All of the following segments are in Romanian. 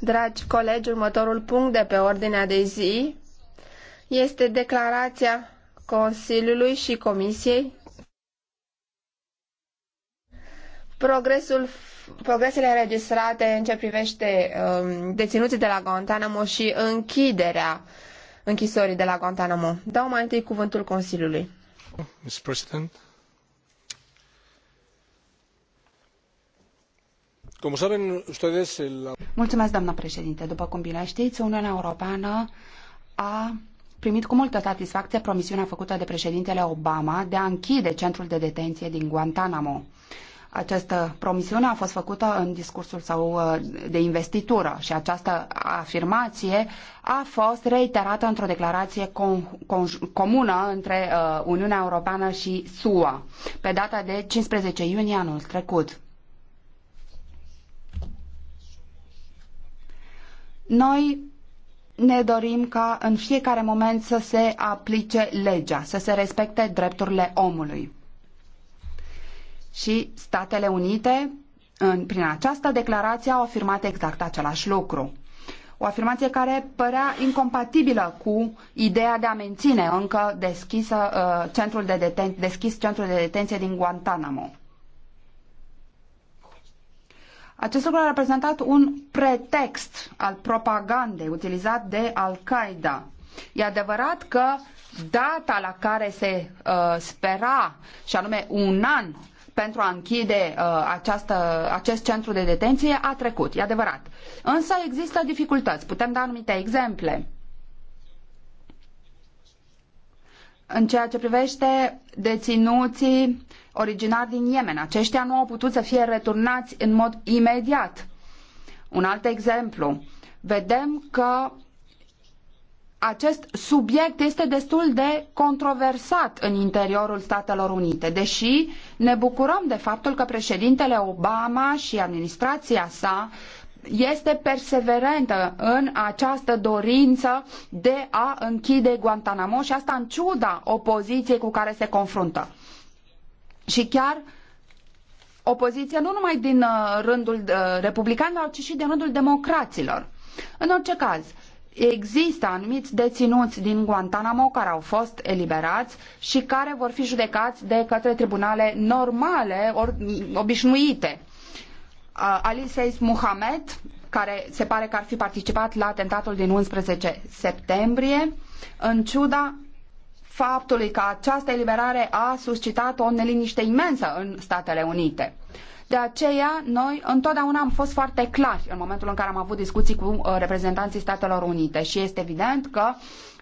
Dragi colegi, următorul punct de pe ordinea de zi este declarația Consiliului și Comisiei Progresul, progresele înregistrate în ce privește um, deținuții de la Guantanamo și închiderea închisorii de la Guantanamo. Dau mai întâi cuvântul Consiliului. Mr. President. președinte. După cum bine știți, Uniunea Europeană a primit cu multă satisfacție promisiunea făcută de președintele Obama de a închide centrul de detenție din Guantanamo. Această promisiune a fost făcută în discursul său uh, de investitură și această afirmație a fost reiterată într-o declarație comună între uh, Uniunea Europeană și SUA pe data de 15 iunie anul trecut. Noi ne dorim ca în fiecare moment să se aplice legea, să se respecte drepturile omului. Și Statele Unite, în, prin această declarație, au afirmat exact același lucru. O afirmație care părea incompatibilă cu ideea de a menține încă deschisă, uh, centrul de deten- deschis centrul de detenție din Guantanamo. Acest lucru a reprezentat un pretext al propagandei utilizat de Al-Qaeda. E adevărat că data la care se uh, spera, și anume un an, pentru a închide uh, această, acest centru de detenție a trecut, e adevărat. Însă există dificultăți, putem da anumite exemple. În ceea ce privește deținuții originari din Yemen. Aceștia nu au putut să fie returnați în mod imediat. Un alt exemplu. Vedem că acest subiect este destul de controversat în interiorul Statelor Unite, deși ne bucurăm de faptul că președintele Obama și administrația sa este perseverentă în această dorință de a închide Guantanamo și asta în ciuda opoziției cu care se confruntă și chiar opoziția nu numai din uh, rândul uh, republicanilor, ci și din rândul democraților. În orice caz, există anumiți deținuți din Guantanamo care au fost eliberați și care vor fi judecați de către tribunale normale, or, obișnuite. Uh, Ali Seis Muhammad, care se pare că ar fi participat la atentatul din 11 septembrie, în ciuda faptului că această eliberare a suscitat o neliniște imensă în Statele Unite. De aceea, noi întotdeauna am fost foarte clari în momentul în care am avut discuții cu uh, reprezentanții Statelor Unite și este evident că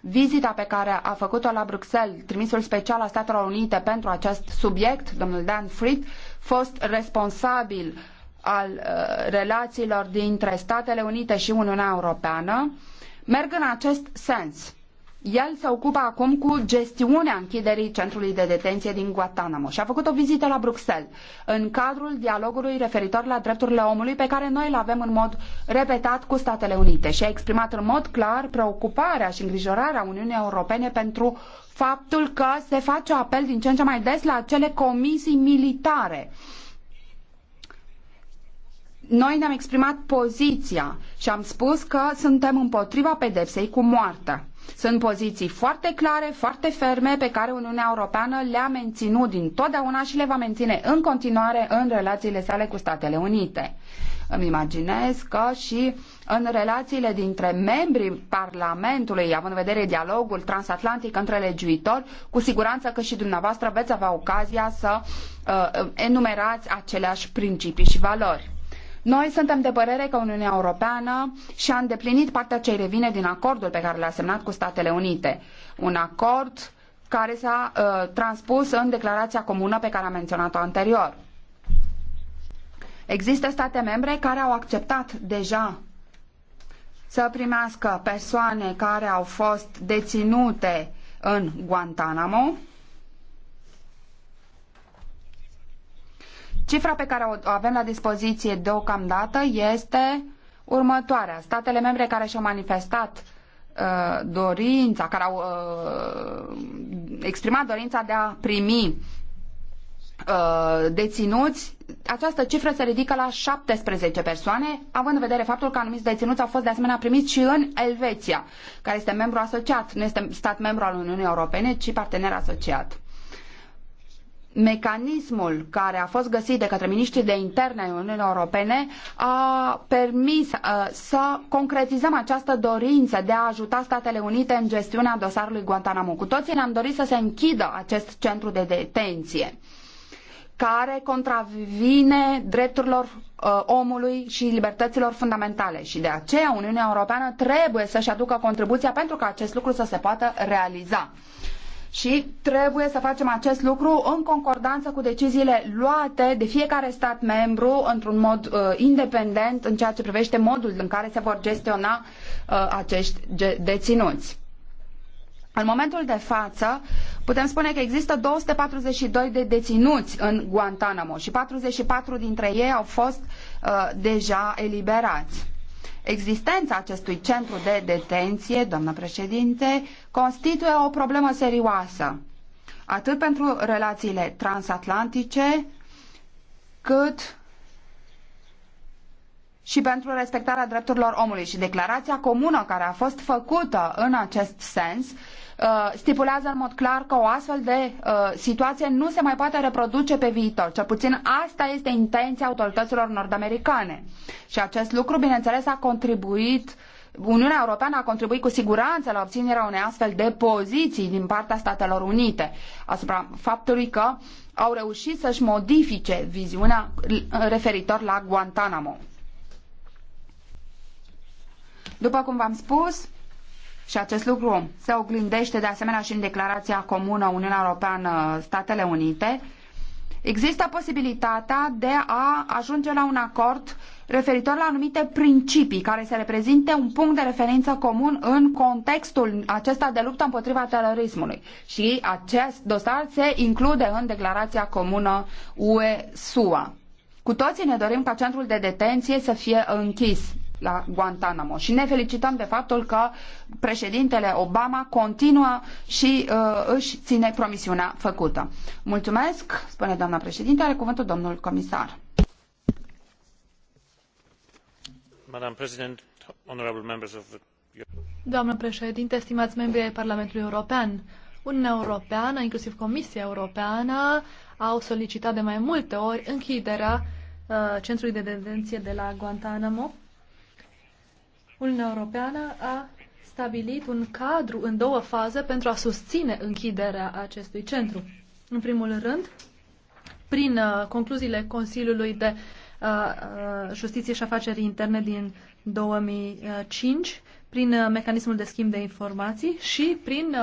vizita pe care a făcut-o la Bruxelles, trimisul special al Statelor Unite pentru acest subiect, domnul Dan Fried, fost responsabil al uh, relațiilor dintre Statele Unite și Uniunea Europeană, merg în acest sens el se ocupă acum cu gestiunea închiderii centrului de detenție din Guantanamo și a făcut o vizită la Bruxelles în cadrul dialogului referitor la drepturile omului pe care noi îl avem în mod repetat cu Statele Unite și a exprimat în mod clar preocuparea și îngrijorarea Uniunii Europene pentru faptul că se face apel din ce în ce mai des la acele comisii militare noi ne-am exprimat poziția și am spus că suntem împotriva pedepsei cu moartea. Sunt poziții foarte clare, foarte ferme, pe care Uniunea Europeană le-a menținut din totdeauna și le va menține în continuare în relațiile sale cu Statele Unite. Îmi imaginez că și în relațiile dintre membrii Parlamentului, având în vedere dialogul transatlantic între legiuitori, cu siguranță că și dumneavoastră veți avea ocazia să uh, enumerați aceleași principii și valori. Noi suntem de părere că Uniunea Europeană și-a îndeplinit partea ce revine din acordul pe care l-a semnat cu Statele Unite. Un acord care s-a uh, transpus în declarația comună pe care am menționat-o anterior. Există state membre care au acceptat deja să primească persoane care au fost deținute în Guantanamo, Cifra pe care o avem la dispoziție deocamdată este următoarea. Statele membre care și-au manifestat uh, dorința, care au uh, exprimat dorința de a primi uh, deținuți, această cifră se ridică la 17 persoane, având în vedere faptul că anumiți deținuți au fost de asemenea primiți și în Elveția, care este membru asociat, nu este stat membru al Uniunii Europene, ci partener asociat mecanismul care a fost găsit de către miniștrii de interne ai Uniunii Europene a permis uh, să concretizăm această dorință de a ajuta Statele Unite în gestiunea dosarului Guantanamo. Cu toții ne-am dorit să se închidă acest centru de detenție care contravine drepturilor uh, omului și libertăților fundamentale și de aceea Uniunea Europeană trebuie să-și aducă contribuția pentru ca acest lucru să se poată realiza. Uh, și trebuie să facem acest lucru în concordanță cu deciziile luate de fiecare stat membru într-un mod uh, independent în ceea ce privește modul în care se vor gestiona uh, acești ge- deținuți. În momentul de față, putem spune că există 242 de deținuți în Guantanamo și 44 dintre ei au fost uh, deja eliberați. Existența acestui centru de detenție, doamnă președinte, constituie o problemă serioasă, atât pentru relațiile transatlantice, cât și pentru respectarea drepturilor omului. Și declarația comună care a fost făcută în acest sens uh, stipulează în mod clar că o astfel de uh, situație nu se mai poate reproduce pe viitor. Cel puțin asta este intenția autorităților nord-americane. Și acest lucru, bineînțeles, a contribuit Uniunea Europeană a contribuit cu siguranță la obținerea unei astfel de poziții din partea Statelor Unite asupra faptului că au reușit să-și modifice viziunea referitor la Guantanamo. După cum v-am spus, și acest lucru se oglindește de asemenea și în declarația comună Uniunea Europeană-Statele Unite, există posibilitatea de a ajunge la un acord referitor la anumite principii care să reprezinte un punct de referință comun în contextul acesta de luptă împotriva terorismului. Și acest dosar se include în declarația comună UE-SUA. Cu toții ne dorim ca centrul de detenție să fie închis, la Guantanamo și ne felicităm de faptul că președintele Obama continuă și uh, își ține promisiunea făcută. Mulțumesc, spune doamna președinte, are cuvântul domnul comisar. Madam President, honorable members of the... Doamnă președinte, stimați membri ai Parlamentului European, Uniunea Europeană, inclusiv Comisia Europeană, au solicitat de mai multe ori închiderea uh, centrului de detenție de la Guantanamo Uniunea Europeană a stabilit un cadru în două faze pentru a susține închiderea acestui centru. În primul rând, prin uh, concluziile Consiliului de uh, uh, Justiție și Afaceri Interne din 2005, prin mecanismul de schimb de informații și prin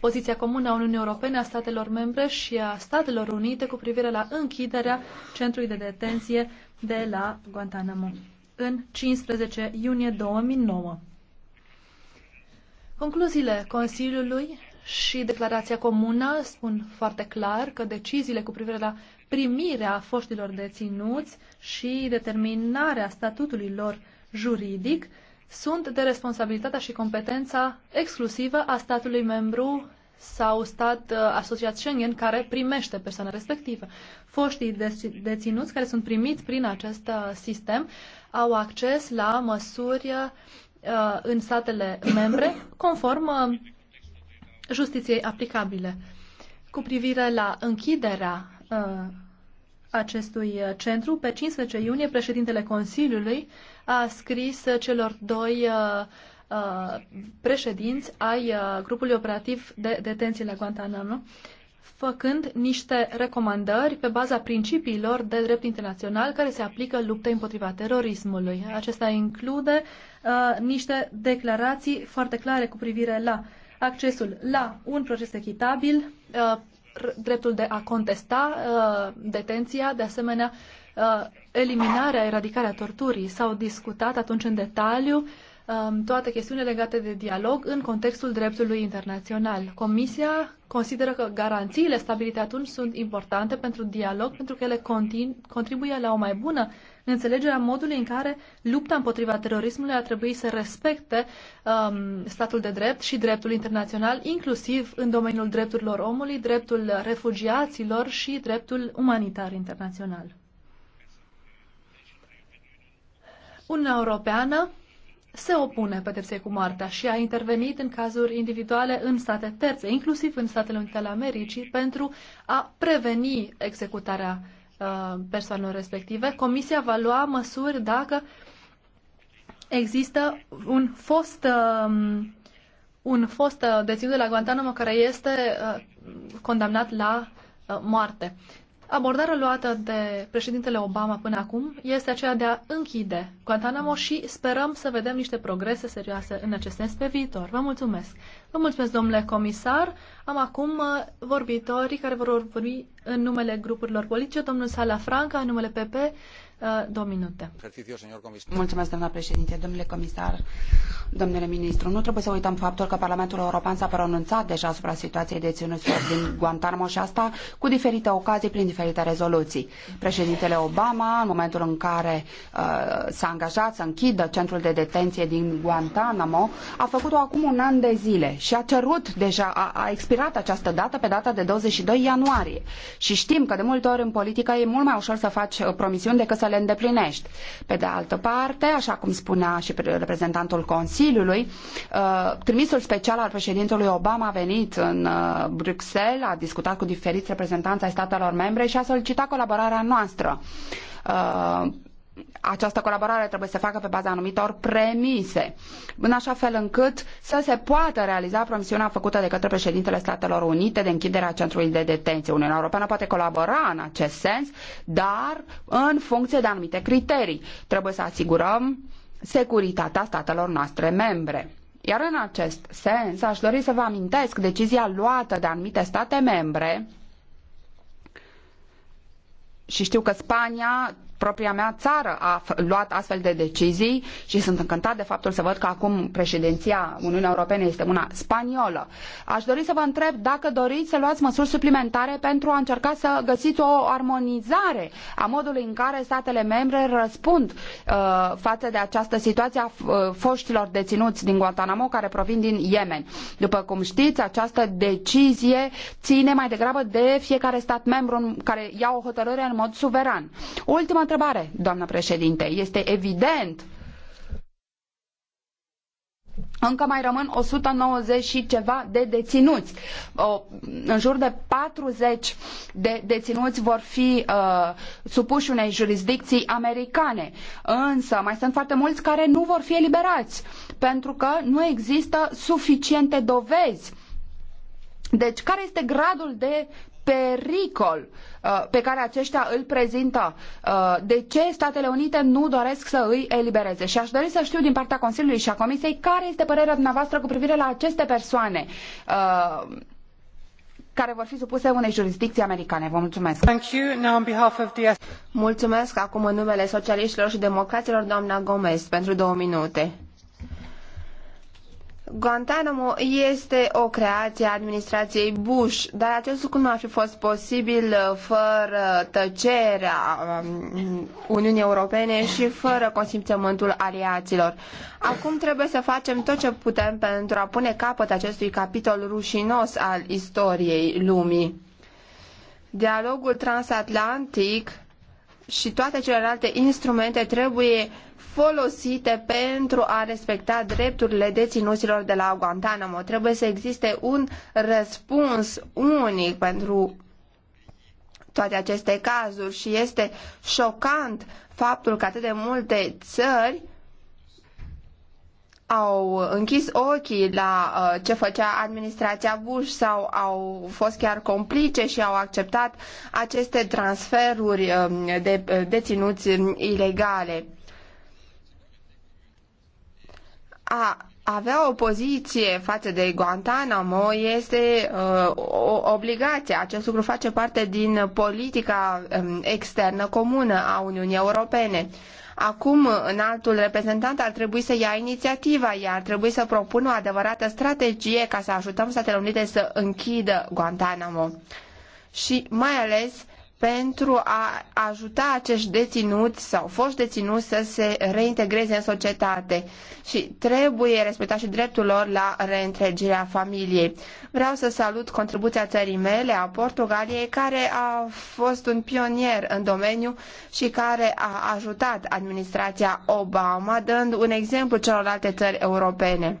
poziția comună a Uniunii Europene, a statelor membre și a Statelor Unite cu privire la închiderea centrului de detenție de la Guantanamo în 15 iunie 2009. Concluziile Consiliului și declarația comună spun foarte clar că deciziile cu privire la primirea foștilor deținuți și determinarea statutului lor juridic sunt de responsabilitatea și competența exclusivă a statului membru sau stat uh, asociat Schengen care primește persoana respectivă. Foștii deci, deținuți care sunt primiți prin acest uh, sistem au acces la măsuri uh, în statele membre conform uh, justiției aplicabile. Cu privire la închiderea uh, acestui centru, pe 15 iunie, președintele Consiliului a scris celor doi președinți ai grupului operativ de detenție la Guantanamo făcând niște recomandări pe baza principiilor de drept internațional care se aplică luptei împotriva terorismului. Acesta include uh, niște declarații foarte clare cu privire la accesul la un proces echitabil, uh, dreptul de a contesta uh, detenția, de asemenea uh, eliminarea, eradicarea torturii. S-au discutat atunci în detaliu uh, Um, toate chestiunile legate de dialog în contextul dreptului internațional. Comisia consideră că garanțiile stabilite atunci sunt importante pentru dialog, pentru că ele contribuie la o mai bună înțelegere a modului în care lupta împotriva terorismului ar trebui să respecte um, statul de drept și dreptul internațional, inclusiv în domeniul drepturilor omului, dreptul refugiaților și dreptul umanitar internațional. Uniunea Europeană se opune pedepsei cu moartea și a intervenit în cazuri individuale în state terțe, inclusiv în Statele Unite ale Americii, pentru a preveni executarea uh, persoanelor respective. Comisia va lua măsuri dacă există un fost uh, un fost uh, deținut de la Guantanamo care este uh, condamnat la uh, moarte. Abordarea luată de președintele Obama până acum este aceea de a închide Guantanamo și sperăm să vedem niște progrese serioase în acest sens pe viitor. Vă mulțumesc! Vă mulțumesc, domnule comisar! Am acum uh, vorbitorii care vor vorbi în numele grupurilor politice, domnul Sala Franca, în numele PP, Uh, două minute. Mulțumesc, președinte, domnule comisar, domnule ministru. Nu trebuie să uităm faptul că Parlamentul European s-a pronunțat deja asupra situației deținuților din Guantanamo și asta cu diferite ocazii prin diferite rezoluții. Președintele Obama, în momentul în care uh, s-a angajat să închidă centrul de detenție din Guantanamo, a făcut-o acum un an de zile și a cerut deja, a, a expirat această dată pe data de 22 ianuarie. Și știm că de multe ori în politică e mult mai ușor să faci uh, promisiuni decât să le îndeplinești. Pe de altă parte, așa cum spunea și reprezentantul Consiliului, uh, trimisul special al președintelui Obama a venit în uh, Bruxelles, a discutat cu diferiți reprezentanți ai statelor membre și a solicitat colaborarea noastră uh, această colaborare trebuie să se facă pe baza anumitor premise, în așa fel încât să se poată realiza promisiunea făcută de către președintele Statelor Unite de închiderea centrului de detenție. Uniunea Europeană poate colabora în acest sens, dar în funcție de anumite criterii. Trebuie să asigurăm securitatea statelor noastre membre. Iar în acest sens, aș dori să vă amintesc decizia luată de anumite state membre și știu că Spania propria mea țară a luat astfel de decizii și sunt încântat de faptul să văd că acum președinția Uniunii Europene este una spaniolă. Aș dori să vă întreb dacă doriți să luați măsuri suplimentare pentru a încerca să găsiți o armonizare a modului în care statele membre răspund uh, față de această situație a uh, foștilor deținuți din Guantanamo care provin din Yemen. După cum știți, această decizie ține mai degrabă de fiecare stat membru care ia o hotărâre în mod suveran. Ultima întrebare, doamnă președinte. Este evident încă mai rămân 190 și ceva de deținuți. O, în jur de 40 de deținuți vor fi uh, supuși unei jurisdicții americane. Însă mai sunt foarte mulți care nu vor fi eliberați pentru că nu există suficiente dovezi. Deci, care este gradul de pericol uh, pe care aceștia îl prezintă. Uh, de ce Statele Unite nu doresc să îi elibereze? Și aș dori să știu din partea Consiliului și a Comisiei care este părerea dumneavoastră cu privire la aceste persoane uh, care vor fi supuse unei jurisdicții americane. Vă mulțumesc. Thank you. Now on behalf of the... Mulțumesc acum în numele socialiștilor și democraților, doamna Gomez, pentru două minute. Guantanamo este o creație a administrației Bush, dar acest lucru nu ar fi fost posibil uh, fără tăcerea um, Uniunii Europene și fără consimțământul aliaților. Acum trebuie să facem tot ce putem pentru a pune capăt acestui capitol rușinos al istoriei lumii. Dialogul transatlantic și toate celelalte instrumente trebuie folosite pentru a respecta drepturile deținuților de la Guantanamo. Trebuie să existe un răspuns unic pentru toate aceste cazuri și este șocant faptul că atât de multe țări au închis ochii la uh, ce făcea administrația Bush sau au fost chiar complice și au acceptat aceste transferuri um, de uh, deținuți um, ilegale. A avea o poziție față de Guantanamo este uh, o obligație. Acest lucru face parte din politica um, externă comună a Uniunii Europene. Acum, înaltul reprezentant ar trebui să ia inițiativa, iar ar trebui să propună o adevărată strategie ca să ajutăm Statele Unite să închidă Guantanamo. Și mai ales pentru a ajuta acești deținuți sau foști deținuți să se reintegreze în societate și trebuie respectat și dreptul lor la reîntregirea familiei. Vreau să salut contribuția țării mele, a Portugaliei, care a fost un pionier în domeniu și care a ajutat administrația Obama, dând un exemplu celorlalte țări europene.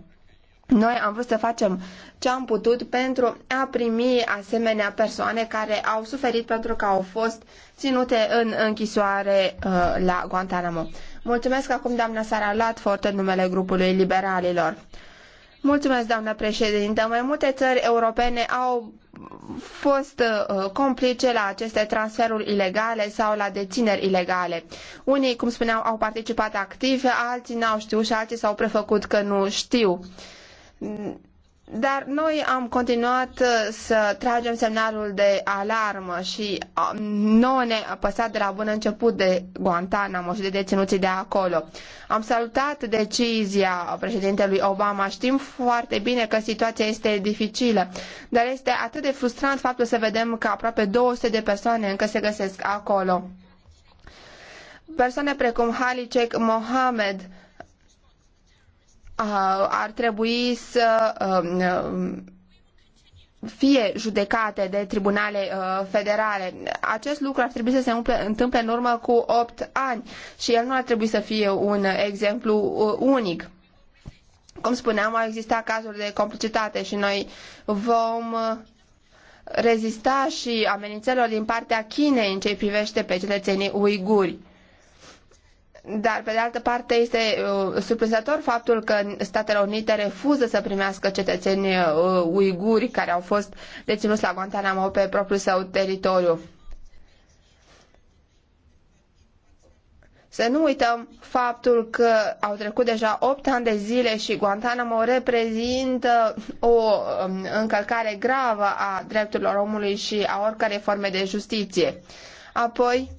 Noi am vrut să facem ce am putut pentru a primi asemenea persoane care au suferit pentru că au fost ținute în închisoare uh, la Guantanamo. Mulțumesc acum doamna Sara Latford în numele grupului liberalilor. Mulțumesc, doamna președintă. Mai multe țări europene au fost uh, complice la aceste transferuri ilegale sau la dețineri ilegale. Unii, cum spuneau, au participat activ, alții n-au știut și alții s-au prefăcut că nu știu. Uh, dar noi am continuat uh, să tragem semnalul de alarmă și uh, nouă ne-a păsat de la bun început de Guantanamo și de deținuții de acolo. Am salutat decizia președintelui Obama. Știm foarte bine că situația este dificilă, dar este atât de frustrant faptul să vedem că aproape 200 de persoane încă se găsesc acolo. Persoane precum Halicek Mohamed, Uh, ar trebui să um, um, fie judecate de tribunale uh, federale. Acest lucru ar trebui să se întâmple în urmă cu opt ani și el nu ar trebui să fie un exemplu uh, unic. Cum spuneam, au existat cazuri de complicitate și noi vom rezista și amenințelor din partea Chinei în ce privește pe cetățenii uiguri. Dar, pe de altă parte, este uh, surprinzător faptul că Statele Unite refuză să primească cetățeni uh, uiguri care au fost deținuți la Guantanamo pe propriul său teritoriu. Să nu uităm faptul că au trecut deja 8 ani de zile și Guantanamo reprezintă o um, încălcare gravă a drepturilor omului și a oricărei forme de justiție. Apoi,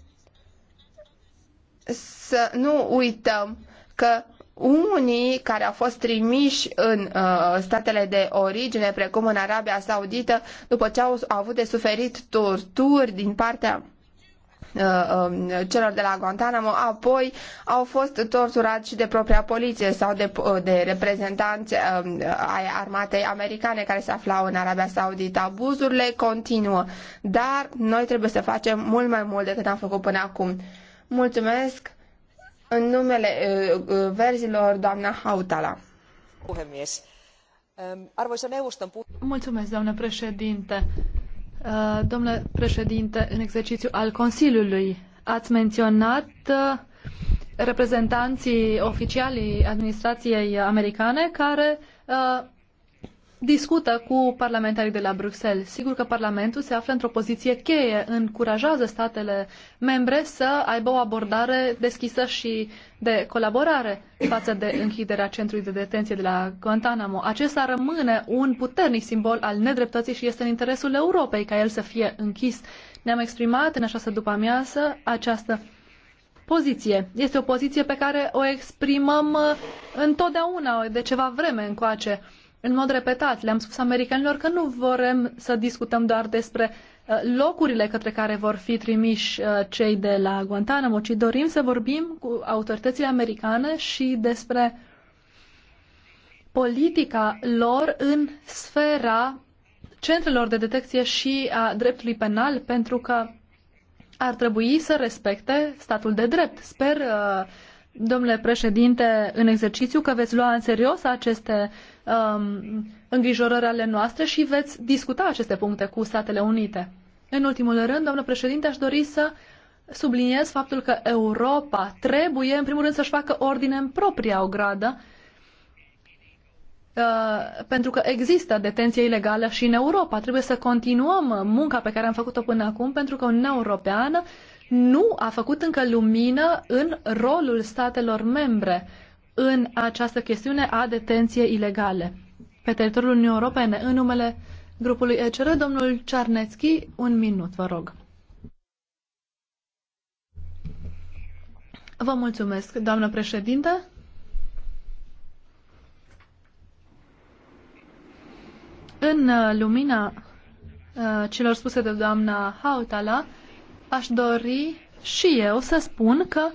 să nu uităm că unii care au fost trimiși în uh, statele de origine, precum în Arabia Saudită, după ce au, au avut de suferit torturi din partea uh, um, celor de la Guantanamo, apoi au fost torturați și de propria poliție sau de, uh, de reprezentanți um, ai armatei americane care se aflau în Arabia Saudită. Abuzurile continuă, dar noi trebuie să facem mult mai mult decât am făcut până acum. Mulțumesc în numele uh, uh, verzilor, doamna Hautala. Ehm, Mulțumesc, doamnă președinte. Uh, domnule președinte, în exercițiu al Consiliului, ați menționat reprezentanții oficialii administrației americane care discută cu parlamentarii de la Bruxelles. Sigur că Parlamentul se află într-o poziție cheie, încurajează statele membre să aibă o abordare deschisă și de colaborare față de închiderea centrului de detenție de la Guantanamo. Acesta rămâne un puternic simbol al nedreptății și este în interesul Europei ca el să fie închis. Ne-am exprimat în această după-amiază această poziție. Este o poziție pe care o exprimăm uh, întotdeauna de ceva vreme încoace în mod repetat, le-am spus americanilor că nu vrem să discutăm doar despre uh, locurile către care vor fi trimiși uh, cei de la Guantanamo, ci dorim să vorbim cu autoritățile americane și despre politica lor în sfera centrelor de detecție și a dreptului penal, pentru că ar trebui să respecte statul de drept. Sper uh, domnule președinte, în exercițiu că veți lua în serios aceste um, îngrijorări ale noastre și veți discuta aceste puncte cu Statele Unite. În ultimul rând, domnule președinte, aș dori să subliniez faptul că Europa trebuie, în primul rând, să-și facă ordine în propria ogradă, uh, pentru că există detenție ilegală și în Europa. Trebuie să continuăm munca pe care am făcut-o până acum, pentru că Uniunea Europeană nu a făcut încă lumină în rolul statelor membre în această chestiune a detenției ilegale. Pe teritoriul Uniunii Europene, în numele grupului ECR, domnul Cearnețchi, un minut, vă rog. Vă mulțumesc, doamnă președinte. În uh, lumina uh, celor spuse de doamna Hautala, aș dori și eu să spun că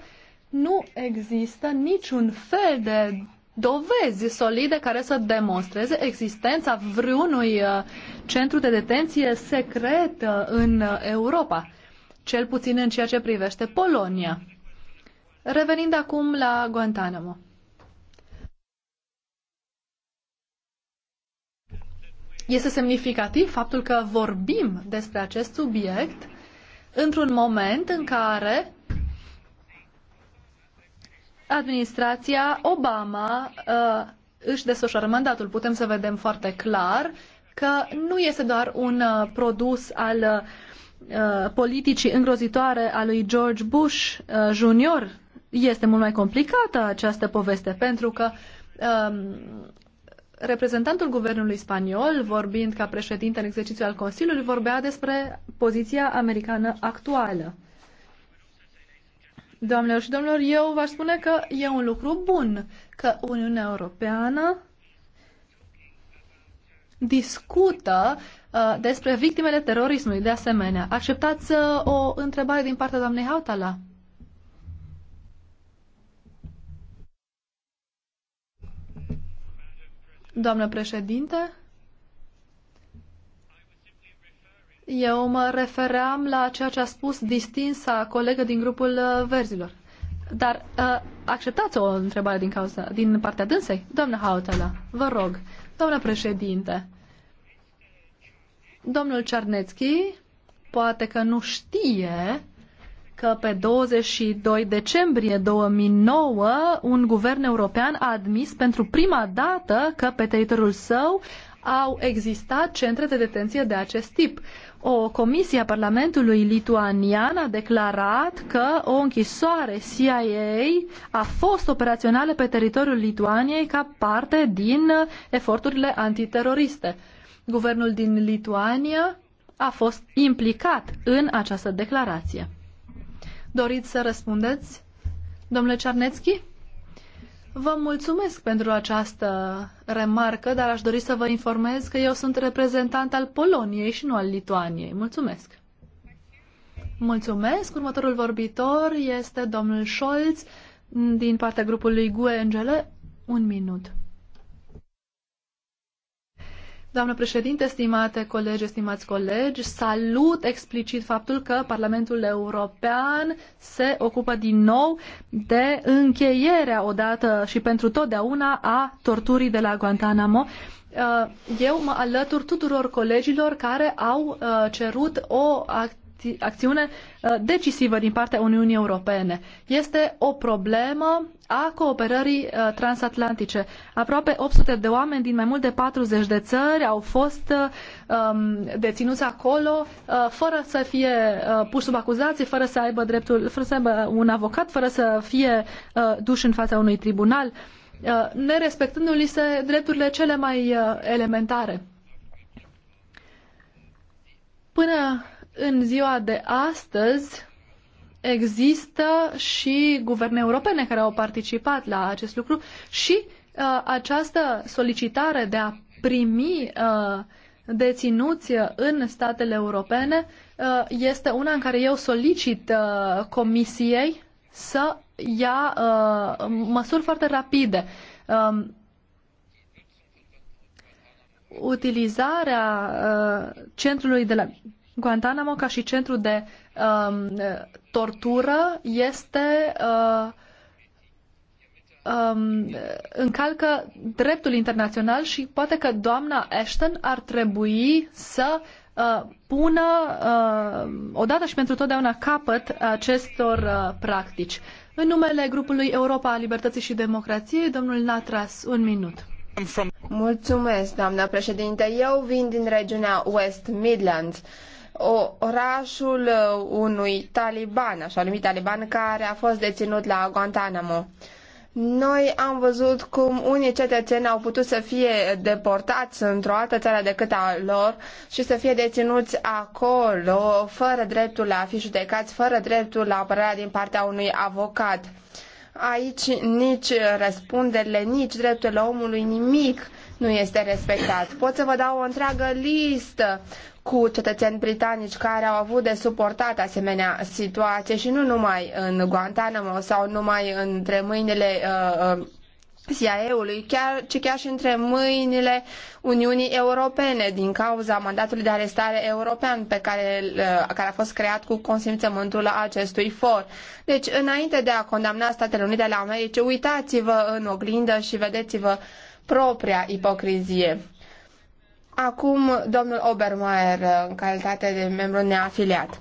nu există niciun fel de dovezi solide care să demonstreze existența vreunui uh, centru de detenție secret uh, în Europa, cel puțin în ceea ce privește Polonia. Revenind acum la Guantanamo. Este semnificativ faptul că vorbim despre acest subiect într-un moment în care administrația Obama uh, își desfășoară mandatul. Putem să vedem foarte clar că nu este doar un uh, produs al uh, politicii îngrozitoare a lui George Bush uh, Jr. Este mult mai complicată această poveste pentru că um, reprezentantul guvernului spaniol, vorbind ca președinte în exercițiu al Consiliului, vorbea despre poziția americană actuală. Doamnelor și domnilor, eu v-aș spune că e un lucru bun că Uniunea Europeană discută uh, despre victimele terorismului. De asemenea, acceptați uh, o întrebare din partea doamnei Hautala? Doamnă președinte, eu mă refeream la ceea ce a spus distinsa colegă din grupul uh, verzilor. Dar uh, acceptați o întrebare din, cauza, din partea dânsei? Doamnă Hautala, vă rog. doamnă președinte, domnul Cernețchi poate că nu știe că pe 22 decembrie 2009 un guvern european a admis pentru prima dată că pe teritoriul său au existat centre de detenție de acest tip. O comisie a Parlamentului lituanian a declarat că o închisoare CIA a fost operațională pe teritoriul Lituaniei ca parte din eforturile antiteroriste. Guvernul din Lituania a fost implicat în această declarație. Doriți să răspundeți, domnule Cernețchi? Vă mulțumesc pentru această remarcă, dar aș dori să vă informez că eu sunt reprezentant al Poloniei și nu al Lituaniei. Mulțumesc! Mulțumesc! Următorul vorbitor este domnul Scholz din partea grupului GUE-NGL. Un minut. Doamnă președinte, stimate colegi, stimați colegi, salut explicit faptul că Parlamentul European se ocupă din nou de încheierea odată și pentru totdeauna a torturii de la Guantanamo. Uh, eu mă alătur tuturor colegilor care au uh, cerut o act acți- acțiune uh, decisivă din partea Uniunii Europene. Este o problemă a cooperării uh, transatlantice. Aproape 800 de oameni din mai mult de 40 de țări au fost uh, um, deținuți acolo fără să fie puși sub acuzație, fără să aibă dreptul, fără să aibă un avocat, fără să fie duși în fața unui tribunal, nerespectându-li se drepturile cele mai elementare. Până în ziua de astăzi există și guverne europene care au participat la acest lucru și uh, această solicitare de a primi uh, deținuți în statele europene uh, este una în care eu solicit uh, comisiei să ia uh, măsuri foarte rapide. Uh, utilizarea uh, centrului de la Guantanamo ca și centru de um, tortură este uh, um, încalcă dreptul internațional și poate că doamna Ashton ar trebui să uh, pună uh, odată și pentru totdeauna capăt acestor uh, practici. În numele grupului Europa a Libertății și Democrației, domnul Natras, un minut. Mulțumesc, doamna președinte. Eu vin din regiunea West Midlands o, orașul uh, unui taliban, așa numit taliban, care a fost deținut la Guantanamo. Noi am văzut cum unii cetățeni au putut să fie deportați într-o altă țară decât a lor și să fie deținuți acolo, fără dreptul la a fi judecați, fără dreptul la apărarea din partea unui avocat. Aici nici răspunderile, nici drepturile omului, nimic nu este respectat. Pot să vă dau o întreagă listă cu cetățeni britanici care au avut de suportat asemenea situație și nu numai în Guantanamo sau numai între mâinile uh, uh CIA-ului, chiar, ci chiar și între mâinile Uniunii Europene din cauza mandatului de arestare european pe care, uh, care a fost creat cu consimțământul acestui for. Deci, înainte de a condamna Statele Unite ale Americii, uitați-vă în oglindă și vedeți-vă uh, propria ipocrizie. Acum, domnul Obermeier, în calitate de membru neafiliat.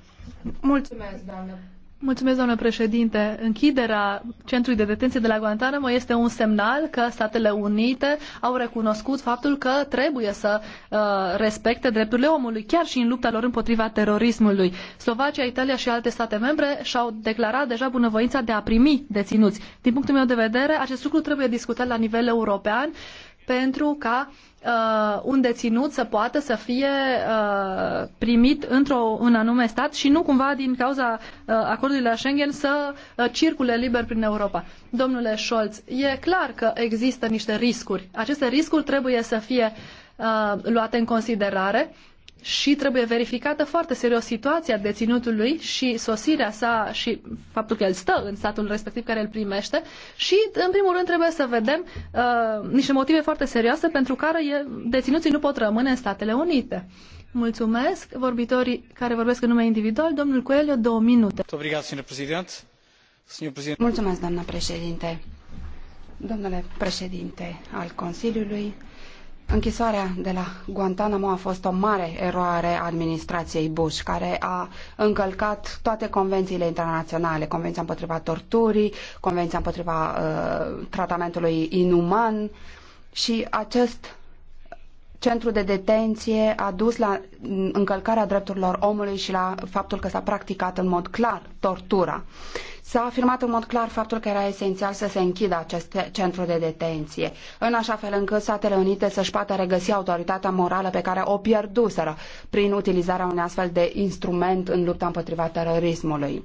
Mulțumesc, doamnă Mulțumesc, doamnă președinte. Închiderea centrului de detenție de la Guantanamo este un semnal că Statele Unite au recunoscut faptul că trebuie să uh, respecte drepturile omului, chiar și în lupta lor împotriva terorismului. Slovacia, Italia și alte state membre și-au declarat deja bunăvoința de a primi deținuți. Din punctul meu de vedere, acest lucru trebuie discutat la nivel european pentru ca uh, un deținut să poată să fie uh, primit într-un în anume stat și nu cumva din cauza uh, acordului la Schengen să uh, circule liber prin Europa. Domnule Scholz, e clar că există niște riscuri. Aceste riscuri trebuie să fie uh, luate în considerare și trebuie verificată foarte serios situația deținutului și sosirea sa și faptul că el stă în statul respectiv care îl primește și, în primul rând, trebuie să vedem uh, niște motive foarte serioase pentru care e, deținuții nu pot rămâne în Statele Unite. Mulțumesc. Vorbitorii care vorbesc în nume individual, domnul Coelho, două minute. Mulțumesc, doamna președinte. Domnule președinte al Consiliului, Închisoarea de la Guantanamo a fost o mare eroare a administrației Bush, care a încălcat toate convențiile internaționale, Convenția împotriva torturii, Convenția împotriva uh, tratamentului inuman și acest centru de detenție a dus la încălcarea drepturilor omului și la faptul că s-a practicat în mod clar tortura. S-a afirmat în mod clar faptul că era esențial să se închidă acest centru de detenție, în așa fel încât Statele Unite să-și poată regăsi autoritatea morală pe care o pierduseră prin utilizarea unui astfel de instrument în lupta împotriva terorismului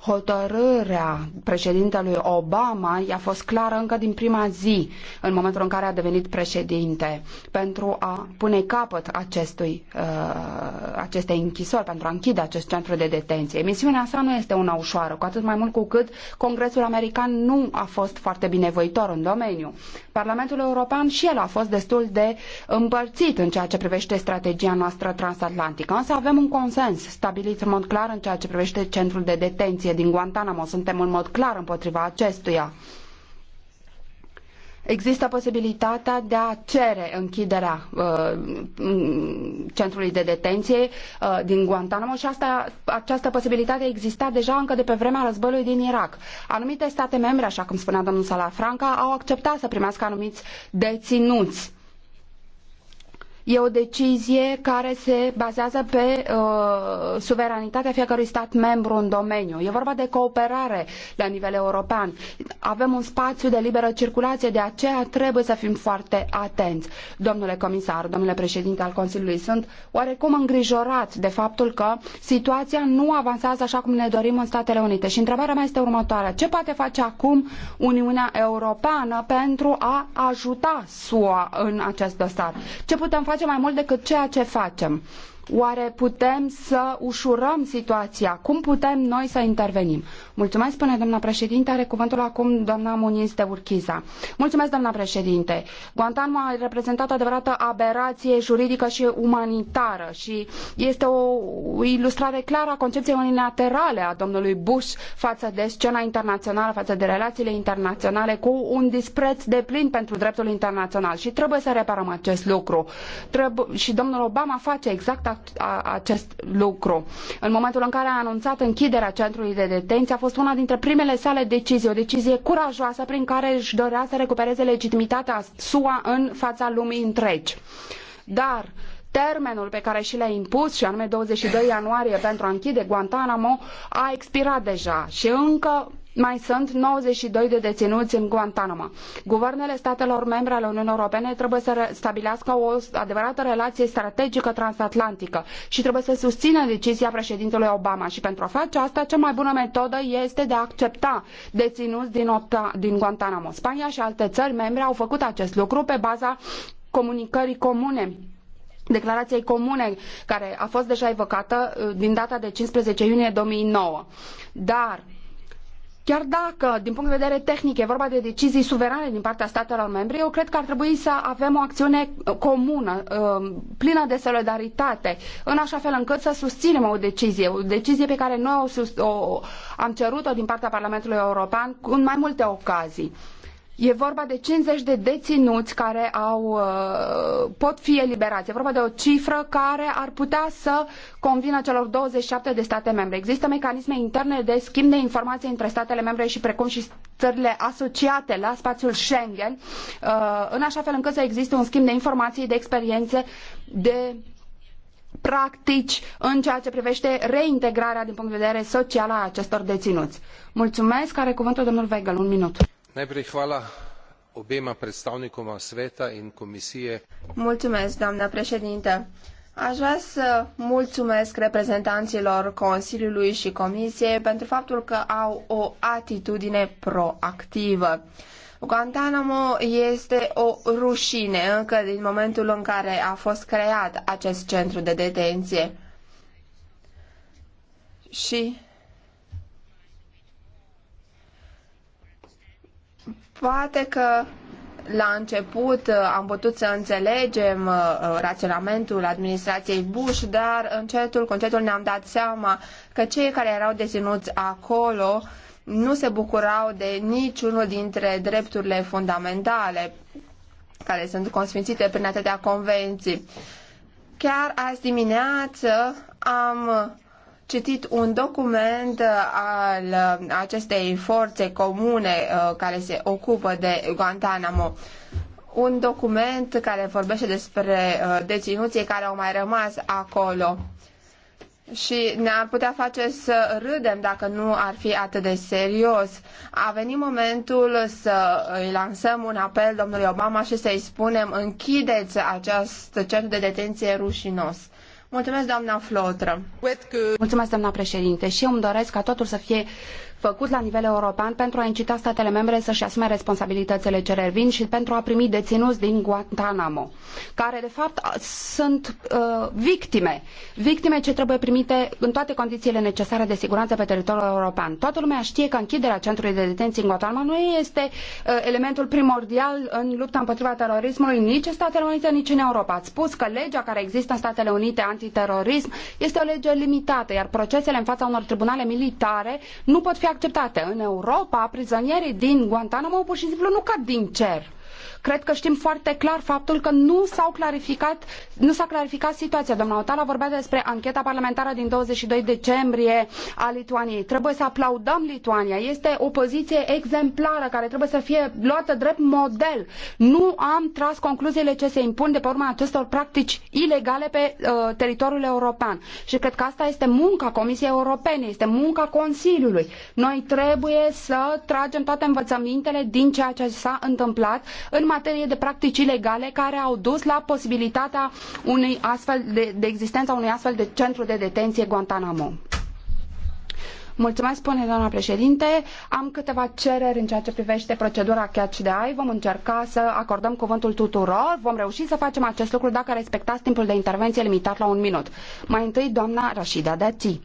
hotărârea președintelui Obama i-a fost clară încă din prima zi, în momentul în care a devenit președinte, pentru a pune capăt acestui, uh, acestei închisori, pentru a închide acest centru de detenție. Misiunea sa nu este una ușoară, cu atât mai mult cu cât Congresul American nu a fost foarte binevoitor în domeniu. Parlamentul European și el a fost destul de împărțit în ceea ce privește strategia noastră transatlantică, însă avem un consens stabilit în mod clar în ceea ce privește centrul de detenție detenție din Guantanamo. Suntem în mod clar împotriva acestuia. Există posibilitatea de a cere închiderea uh, centrului de detenție uh, din Guantanamo și asta, această posibilitate exista deja încă de pe vremea războiului din Irak. Anumite state membre, așa cum spunea domnul Salafranca, au acceptat să primească anumiți deținuți E o decizie care se bazează pe uh, suveranitatea fiecărui stat membru în domeniu. E vorba de cooperare la nivel european. Avem un spațiu de liberă circulație, de aceea trebuie să fim foarte atenți. Domnule comisar, domnule președinte al Consiliului, sunt oarecum îngrijorat de faptul că situația nu avansează așa cum ne dorim în Statele Unite. Și întrebarea mea este următoarea. Ce poate face acum Uniunea Europeană pentru a ajuta SUA în acest dosar? Ce putem face face mai mult decât ceea ce facem. Oare putem să ușurăm situația? Cum putem noi să intervenim? Mulțumesc, spune doamna președinte. Are cuvântul acum doamna Muniz de Urchiza. Mulțumesc, doamna președinte. Guantanamo a reprezentat o adevărată aberație juridică și umanitară și este o ilustrare clară a concepției unilaterale a domnului Bush față de scena internațională, față de relațiile internaționale cu un dispreț plin pentru dreptul internațional. Și trebuie să reparăm acest lucru. Trebu- și domnul Obama face exact acest lucru. În momentul în care a anunțat închiderea centrului de detenție, a fost una dintre primele sale decizii, o decizie curajoasă prin care își dorea să recupereze legitimitatea SUA în fața lumii întregi. Dar termenul pe care și l-a impus, și anume 22 ianuarie pentru a închide Guantanamo, a expirat deja și încă mai sunt 92 de deținuți în Guantanamo. Guvernele statelor membre ale Uniunii Europene trebuie să stabilească o adevărată relație strategică transatlantică și trebuie să susțină decizia președintelui Obama și pentru a face asta cea mai bună metodă este de a accepta deținuți din, opta, din Guantanamo. Spania și alte țări membre au făcut acest lucru pe baza comunicării comune declarației comune care a fost deja evocată uh, din data de 15 iunie 2009. Dar Chiar dacă, din punct de vedere tehnic, e vorba de decizii suverane din partea statelor membre, eu cred că ar trebui să avem o acțiune uh, comună, uh, plină de solidaritate, în așa fel încât să susținem o decizie, o decizie pe care noi o, o am cerut-o din partea Parlamentului European în mai multe ocazii. E vorba de 50 de deținuți care au, uh, pot fi eliberați. E vorba de o cifră care ar putea să convină celor 27 de state membre. Există mecanisme interne de schimb de informații între statele membre și precum și țările asociate la spațiul Schengen, uh, în așa fel încât să existe un schimb de informații, de experiențe, de practici în ceea ce privește reintegrarea din punct de vedere social a acestor deținuți. Mulțumesc. Are cuvântul domnul Weigel. Un minut najprej hvala obema predstavnikoma sveta in komisije. Mulțumesc, doamna președinte. Aș vrea să mulțumesc reprezentanților Consiliului și Comisiei pentru faptul că au o atitudine proactivă. Guantanamo este o rușine încă din momentul în care a fost creat acest centru de detenție. Și Poate că la început uh, am putut să înțelegem uh, uh, raționamentul administrației Bush, dar încetul, concetul ne-am dat seama că cei care erau deținuți acolo nu se bucurau de niciunul dintre drepturile fundamentale care sunt consfințite prin atâtea convenții. Chiar azi dimineață am citit un document uh, al uh, acestei forțe comune uh, care se ocupă de Guantanamo. Un document care vorbește despre deținuții care au mai rămas acolo. Și ne-ar putea face să râdem dacă nu ar fi atât de serios. A venit momentul să îi lansăm un apel domnului Obama și să-i spunem închideți acest centru de detenție rușinos. Mulțumesc, doamna Flotră. Mulțumesc, doamna președinte. Și eu îmi doresc ca totul să fie făcut la nivel european pentru a incita statele membre să-și asume responsabilitățile ce revin și pentru a primi deținuți din Guantanamo, care de fapt sunt uh, victime, victime ce trebuie primite în toate condițiile necesare de siguranță pe teritoriul european. Toată lumea știe că închiderea centrului de detenție în Guantanamo nu este uh, elementul primordial în lupta împotriva terorismului nici în Statele Unite, nici în Europa. Ați spus că legea care există în Statele Unite antiterorism este o lege limitată, iar procesele în fața unor tribunale militare nu pot fi acceptate. În Europa, prizonierii din Guantanamo pur și simplu nu cad din cer. Cred că știm foarte clar faptul că nu s a clarificat, nu s-a clarificat situația. Doamna Otala vorbea despre ancheta parlamentară din 22 decembrie a Lituaniei. Trebuie să aplaudăm Lituania. Este o poziție exemplară care trebuie să fie luată drept model. Nu am tras concluziile ce se impun de pe urma acestor practici ilegale pe uh, teritoriul european. Și cred că asta este munca Comisiei Europene, este munca Consiliului. Noi trebuie să tragem toate învățămintele din ceea ce s-a întâmplat în materie de practici ilegale care au dus la posibilitatea unei astfel de, de existența unui astfel de centru de detenție Guantanamo. Mulțumesc, spune doamna președinte. Am câteva cereri în ceea ce privește procedura catch de ai. Vom încerca să acordăm cuvântul tuturor. Vom reuși să facem acest lucru dacă respectați timpul de intervenție limitat la un minut. Mai întâi, doamna Rashida Dati.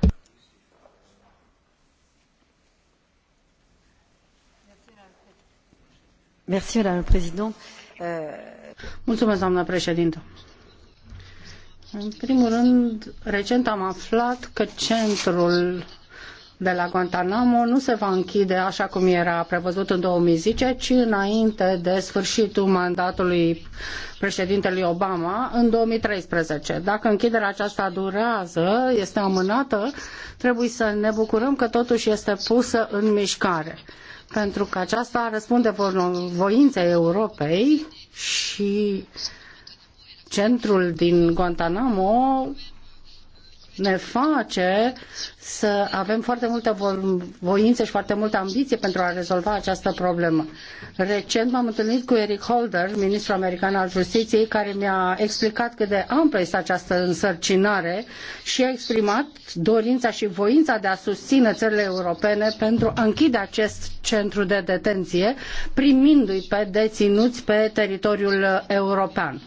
Euh, Mulțumesc, doamnă președintă. În primul rând, recent am aflat că centrul de la Guantanamo nu se va închide așa cum era prevăzut în 2010, ci înainte de sfârșitul mandatului președintelui Obama în 2013. Dacă închiderea aceasta durează, este amânată, trebuie să ne bucurăm că totuși este pusă în mișcare pentru că aceasta răspunde voinței Europei și centrul din Guantanamo ne face să avem foarte multă voință și foarte multă ambiție pentru a rezolva această problemă. Recent m-am întâlnit cu Eric Holder, ministrul american al justiției, care mi-a explicat cât de amplă este această însărcinare și a exprimat dorința și voința de a susține țările europene pentru a închide acest centru de detenție, primindu-i pe deținuți pe teritoriul european.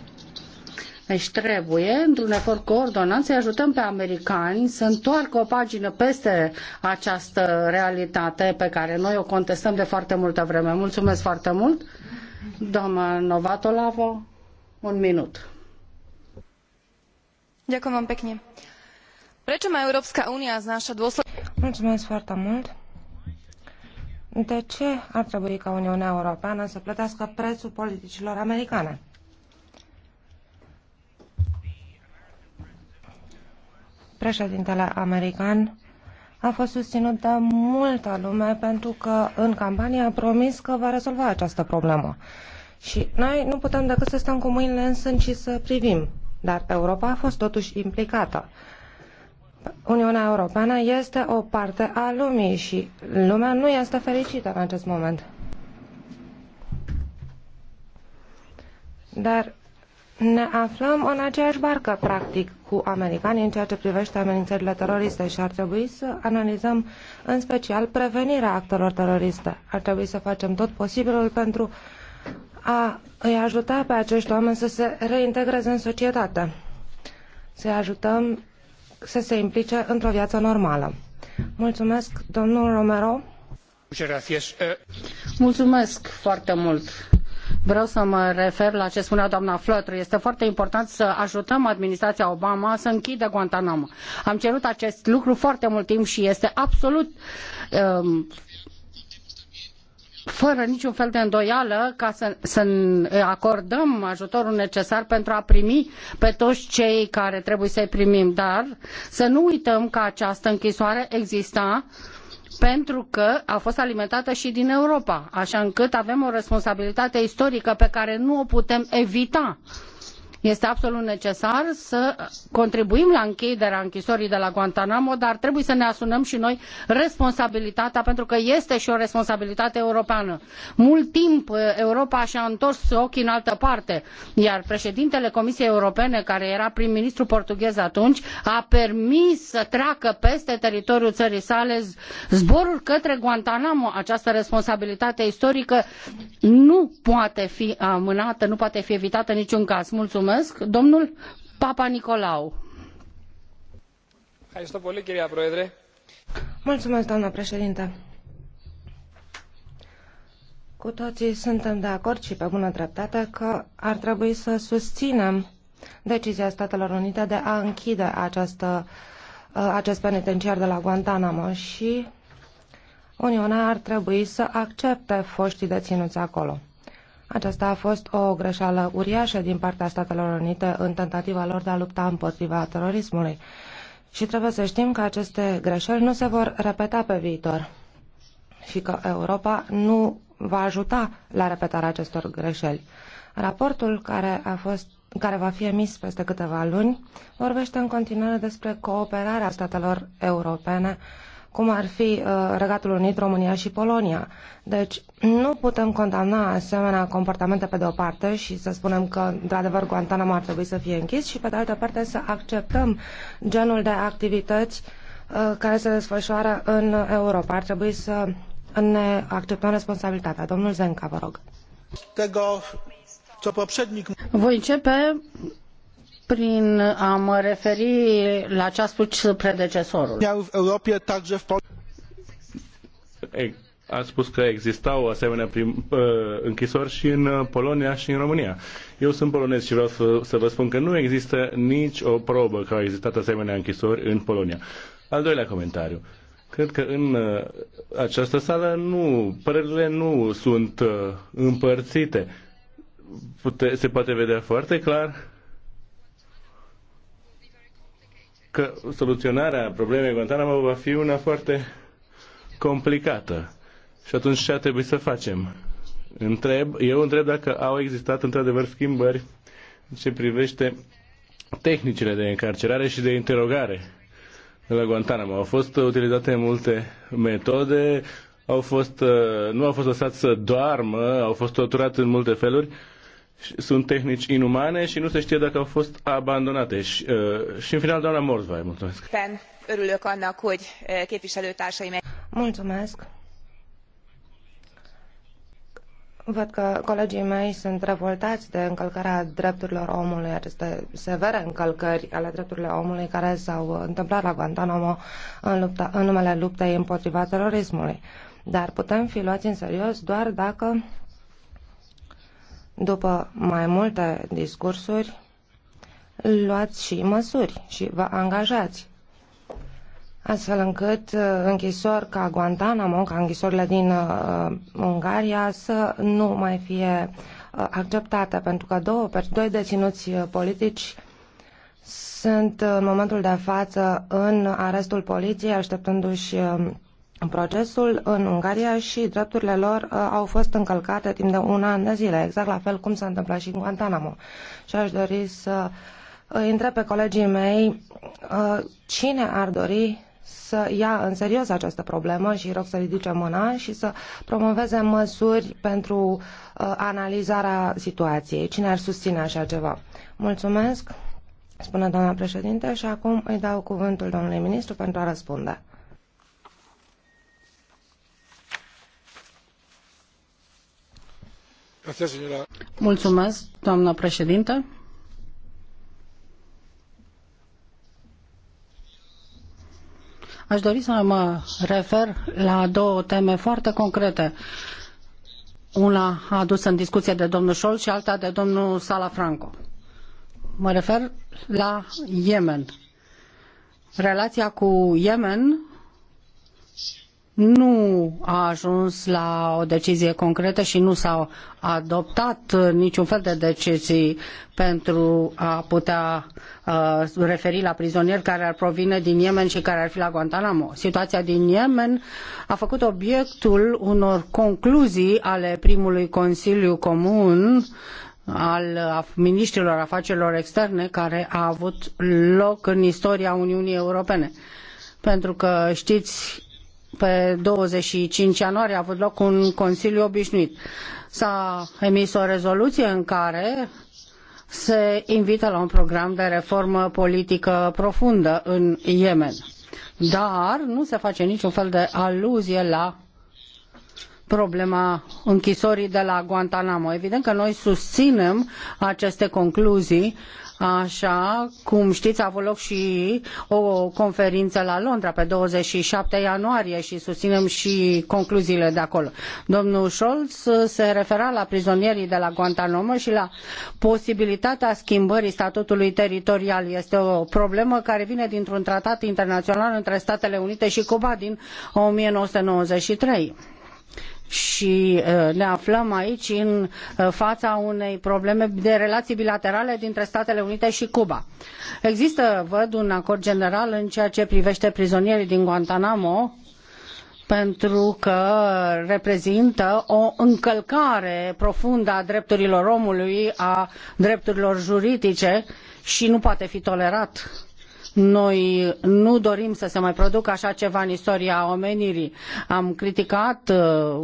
Deci trebuie, într-un efort coordonat, să-i ajutăm pe americani să întoarcă o pagină peste această realitate pe care noi o contestăm de foarte multă vreme. Mulțumesc foarte mult. Doamna Novatolavo, un minut. Ďakujem vám pekne. Prečo má Európska únia znáša dôsledky? Mulțumesc foarte mult. De ce ar trebui ca Uniunea Europeană să plătească prețul politicilor americane? președintele american a fost susținut de multă lume pentru că în campanie a promis că va rezolva această problemă. Și noi nu putem decât să stăm cu mâinile în sân și să privim. Dar Europa a fost totuși implicată. Uniunea Europeană este o parte a lumii și lumea nu este fericită în acest moment. Dar ne aflăm în aceeași barcă, practic, cu americanii în ceea ce privește amenințările teroriste și ar trebui să analizăm în special prevenirea actelor teroriste. Ar trebui să facem tot posibilul pentru a îi ajuta pe acești oameni să se reintegreze în societate, să-i ajutăm să se implice într-o viață normală. Mulțumesc, domnul Romero. Eh, Mulțumesc foarte mult. Vreau să mă refer la ce spunea doamna Flotru. Este foarte important să ajutăm administrația Obama să închidă Guantanamo. Am cerut acest lucru foarte mult timp și este absolut um, fără niciun fel de îndoială ca să, să acordăm ajutorul necesar pentru a primi pe toți cei care trebuie să-i primim, dar să nu uităm că această închisoare exista uh, pentru că a fost alimentată și din Europa, așa încât avem o responsabilitate istorică pe care nu o putem evita. Este absolut necesar să contribuim la închiderea închisorii de la Guantanamo, dar trebuie să ne asumăm și noi responsabilitatea, pentru că este și o responsabilitate europeană. Mult timp uh, Europa și-a întors ochii în altă parte, iar președintele Comisiei Europene, care era prim-ministru portughez atunci, a permis să treacă peste teritoriul țării sale zboruri către Guantanamo. Această responsabilitate istorică nu poate fi amânată, nu poate fi evitată în niciun caz. Mulțumesc! Mulțumesc. Domnul Papa Nicolau. Mulțumesc, doamnă președinte. Cu toții suntem de acord și pe bună dreptate că ar trebui să susținem decizia Statelor Unite de a închide această, uh, acest penitenciar de la Guantanamo și Uniunea ar trebui să accepte foștii deținuți acolo. Aceasta a fost o greșeală uriașă din partea Statelor Unite în tentativa lor de a lupta împotriva terorismului. Și trebuie să știm că aceste greșeli nu se vor repeta pe viitor și că Europa nu va ajuta la repetarea acestor greșeli. Raportul care, a fost, care va fi emis peste câteva luni vorbește în continuare despre cooperarea statelor europene cum ar fi uh, Regatul Unit, România și Polonia. Deci nu putem condamna asemenea comportamente pe de o parte și să spunem că, într-adevăr, Guantanamo ar trebui să fie închis și, pe de altă parte, să acceptăm genul de activități uh, care se desfășoară în Europa. Ar trebui să ne acceptăm responsabilitatea. Domnul Zenca, vă rog. Voi începe prin a mă referi la ce a spus predecesorul. A spus că existau asemenea prim, uh, închisori și în Polonia și în România. Eu sunt polonez și vreau să, să vă spun că nu există nici o probă că au existat asemenea închisori în Polonia. Al doilea comentariu. Cred că în uh, această sală nu, părerile nu sunt uh, împărțite. Pute, se poate vedea foarte clar că soluționarea problemei Guantanamo va fi una foarte complicată. Și atunci ce a trebuit să facem? Întreb, eu întreb dacă au existat într-adevăr schimbări în ce privește tehnicile de încarcerare și de interogare la Guantanamo. Au fost utilizate multe metode, au fost, uh, nu au fost lăsați să doarmă, au fost torturați în multe feluri sunt tehnici inumane și nu se știe dacă au fost abandonate. Și, uh, și în final, doamna Morzvai, mulțumesc. Pen, örülök annak, hogy uh, képviselőtársaim... Mulțumesc. Văd că colegii mei sunt revoltați de încălcarea drepturilor omului, aceste severe încălcări ale drepturilor omului care s-au întâmplat la Guantanamo în, lupta, în numele luptei împotriva terorismului. Dar putem fi luați în serios doar dacă după mai multe discursuri, luați și măsuri și vă angajați astfel încât uh, închisori ca Guantanamo, ca închisorile din uh, Ungaria, să nu mai fie uh, acceptate, pentru că două, doi deținuți uh, politici sunt uh, în momentul de față în arestul poliției, așteptându-și uh, procesul în Ungaria și drepturile lor uh, au fost încălcate timp de un an de zile, exact la fel cum s-a întâmplat și în Guantanamo. Și aș dori să îi întreb pe colegii mei uh, cine ar dori să ia în serios această problemă și rog să ridice mâna și să promoveze măsuri pentru uh, analizarea situației. Cine ar susține așa ceva? Mulțumesc, spune doamna președinte, și acum îi dau cuvântul domnului ministru pentru a răspunde. Mulțumesc, doamna președintă. Aș dori să mă refer la două teme foarte concrete. Una adusă în discuție de domnul Scholz și alta de domnul Salafranco. Mă refer la Yemen. Relația cu Yemen nu a ajuns la o decizie concretă și nu s-au adoptat niciun fel de decizii pentru a putea uh, referi la prizonieri care ar provine din Yemen și care ar fi la Guantanamo. Situația din Yemen a făcut obiectul unor concluzii ale primului Consiliu Comun al ministrilor afacerilor externe care a avut loc în istoria Uniunii Europene. Pentru că știți pe 25 ianuarie a avut loc un consiliu obișnuit. S-a emis o rezoluție în care se invită la un program de reformă politică profundă în Yemen. Dar nu se face niciun fel de aluzie la problema închisorii de la Guantanamo. Evident că noi susținem aceste concluzii Așa cum știți, a avut loc și o conferință la Londra pe 27 ianuarie și susținem și concluziile de acolo. Domnul Scholz se refera la prizonierii de la Guantanamo și la posibilitatea schimbării statutului teritorial. Este o problemă care vine dintr-un tratat internațional între Statele Unite și Cuba din 1993 și uh, ne aflăm aici în uh, fața unei probleme de relații bilaterale dintre Statele Unite și Cuba. Există, văd, un acord general în ceea ce privește prizonierii din Guantanamo, pentru că reprezintă o încălcare profundă a drepturilor omului, a drepturilor juridice și nu poate fi tolerat noi nu dorim să se mai producă așa ceva în istoria omenirii. Am criticat uh,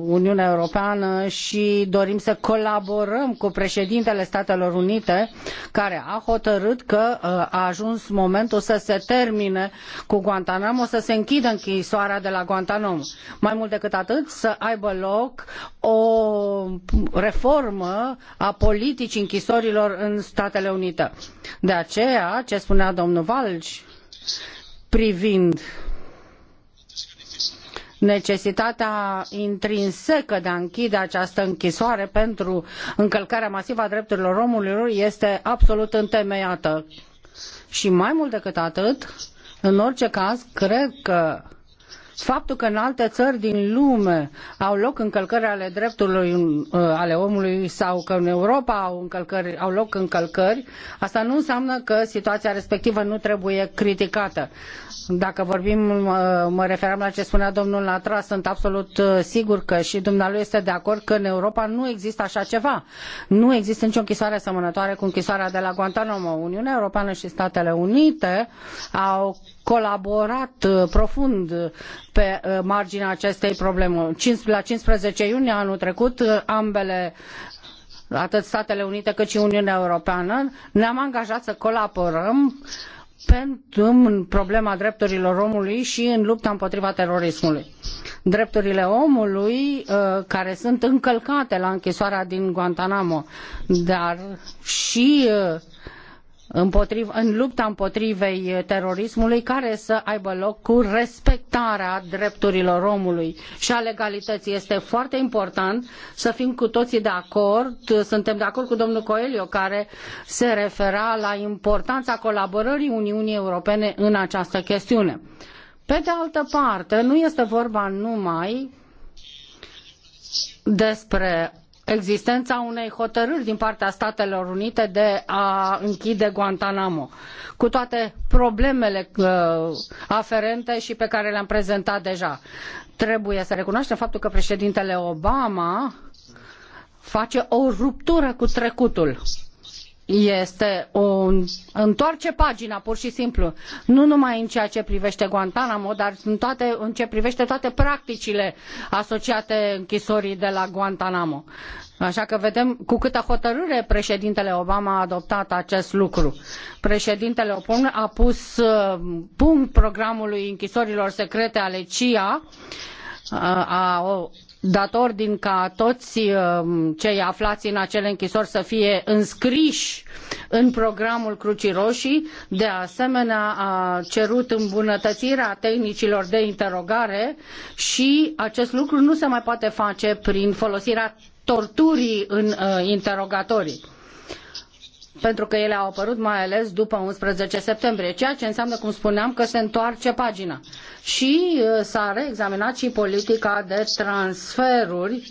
Uniunea Europeană și dorim să colaborăm cu președintele Statelor Unite, care a hotărât că uh, a ajuns momentul să se termine cu Guantanamo, să se închidă închisoarea de la Guantanamo. Mai mult decât atât, să aibă loc o reformă a politicii închisorilor în Statele Unite. De aceea, ce spunea domnul Valci, privind necesitatea intrinsecă de a închide această închisoare pentru încălcarea masivă a drepturilor omului este absolut întemeiată. Și mai mult decât atât, în orice caz, cred că Faptul că în alte țări din lume au loc încălcări ale drepturilor uh, ale omului sau că în Europa au, încălcări, au loc încălcări, asta nu înseamnă că situația respectivă nu trebuie criticată. Dacă vorbim, uh, mă referam la ce spunea domnul Latra, sunt absolut uh, sigur că și dumnealui este de acord că în Europa nu există așa ceva. Nu există nicio închisoare asemănătoare cu închisoarea de la Guantanamo. Uniunea Europeană și Statele Unite au colaborat uh, profund uh, pe uh, marginea acestei probleme. La 15 iunie anul trecut, ambele atât Statele Unite cât și Uniunea Europeană, ne-am angajat să colaborăm pentru în problema drepturilor omului și în lupta împotriva terorismului. Drepturile omului care sunt încălcate la închisoarea din Guantanamo, dar și în lupta împotriva terorismului care să aibă loc cu respectarea drepturilor omului și a legalității. Este foarte important să fim cu toții de acord, suntem de acord cu domnul Coelho care se refera la importanța colaborării Uniunii Europene în această chestiune. Pe de altă parte, nu este vorba numai despre existența unei hotărâri din partea Statelor Unite de a închide Guantanamo, cu toate problemele uh, aferente și pe care le-am prezentat deja. Trebuie să recunoaștem faptul că președintele Obama face o ruptură cu trecutul este o întoarce pagina pur și simplu, nu numai în ceea ce privește Guantanamo, dar în, toate, în ce privește toate practicile asociate închisorii de la Guantanamo. Așa că vedem cu câtă hotărâre președintele Obama a adoptat acest lucru. Președintele Obama a pus uh, punct programului închisorilor secrete ale CIA, uh, a, a dat ordin ca toți uh, cei aflați în acele închisori să fie înscriși în programul Crucii Roșii. De asemenea, a cerut îmbunătățirea tehnicilor de interogare și acest lucru nu se mai poate face prin folosirea torturii în uh, interogatorii pentru că ele au apărut mai ales după 11 septembrie, ceea ce înseamnă, cum spuneam, că se întoarce pagina. Și uh, s-a reexaminat și politica de transferuri,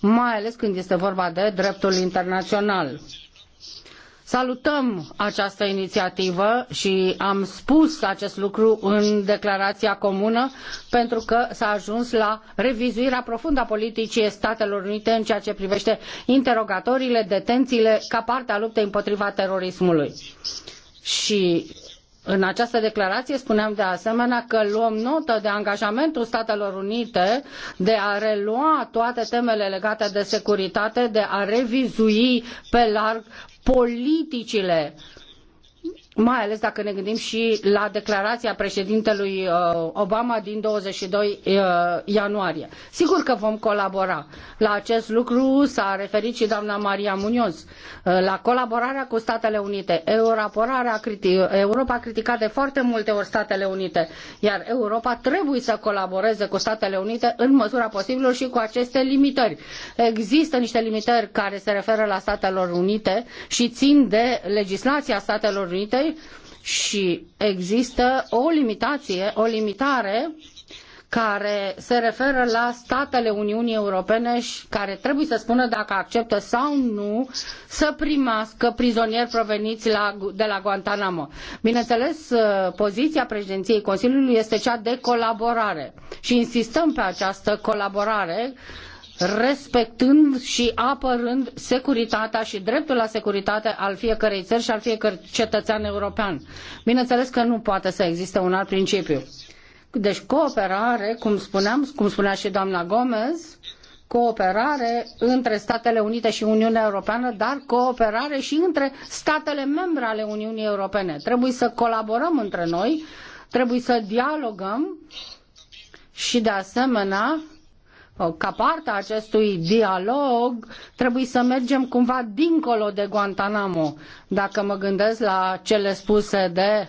mai ales când este vorba de dreptul internațional. Salutăm această inițiativă și am spus acest lucru în declarația comună pentru că s-a ajuns la revizuirea profundă a politicii Statelor Unite în ceea ce privește interogatoriile, detențiile ca parte a luptei împotriva terorismului. Și în această declarație spuneam de asemenea că luăm notă de angajamentul Statelor Unite de a relua toate temele legate de securitate, de a revizui pe larg politicile mai ales dacă ne gândim și la declarația președintelui uh, Obama din 22 uh, ianuarie. Sigur că vom colabora. La acest lucru s-a referit și doamna Maria Munoz. Uh, la colaborarea cu Statele Unite. Europa a criticat de foarte multe ori Statele Unite, iar Europa trebuie să colaboreze cu Statele Unite în măsura posibilă și cu aceste limitări. Există niște limitări care se referă la Statele Unite și țin de legislația Statelor Unite și există o limitație, o limitare care se referă la statele Uniunii Europene și care trebuie să spună dacă acceptă sau nu să primească prizonieri proveniți la, de la Guantanamo. Bineînțeles, uh, poziția președinției Consiliului este cea de colaborare și insistăm pe această colaborare uh, respectând și apărând securitatea și dreptul la securitate al fiecărei țări și al fiecărui cetățean european. Bineînțeles că nu poate să existe un alt principiu. Deci cooperare, cum spuneam, cum spunea și doamna Gomez, cooperare între Statele Unite și Uniunea Europeană, dar cooperare și între statele membre ale Uniunii Europene. Trebuie să colaborăm între noi, trebuie să dialogăm și de asemenea ca parte a acestui dialog, trebuie să mergem cumva dincolo de Guantanamo. Dacă mă gândesc la cele spuse de,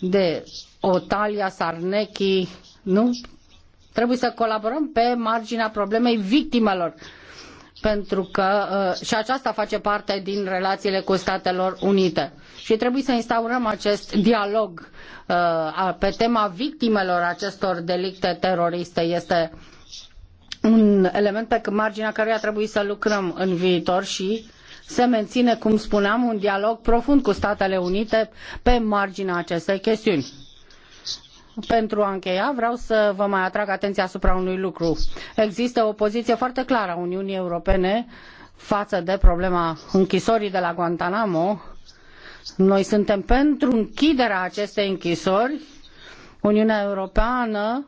de Otalia Sarnechi, nu? Trebuie să colaborăm pe marginea problemei victimelor pentru că uh, și aceasta face parte din relațiile cu Statelor Unite. Și trebuie să instaurăm acest dialog uh, pe tema victimelor acestor delicte teroriste. Este un element pe marginea căruia trebuie să lucrăm în viitor și se menține, cum spuneam, un dialog profund cu Statele Unite pe marginea acestei chestiuni. Pentru a încheia, vreau să vă mai atrag atenția asupra unui lucru. Există o poziție foarte clară a Uniunii Europene față de problema închisorii de la Guantanamo. Noi suntem pentru închiderea acestei închisori. Uniunea Europeană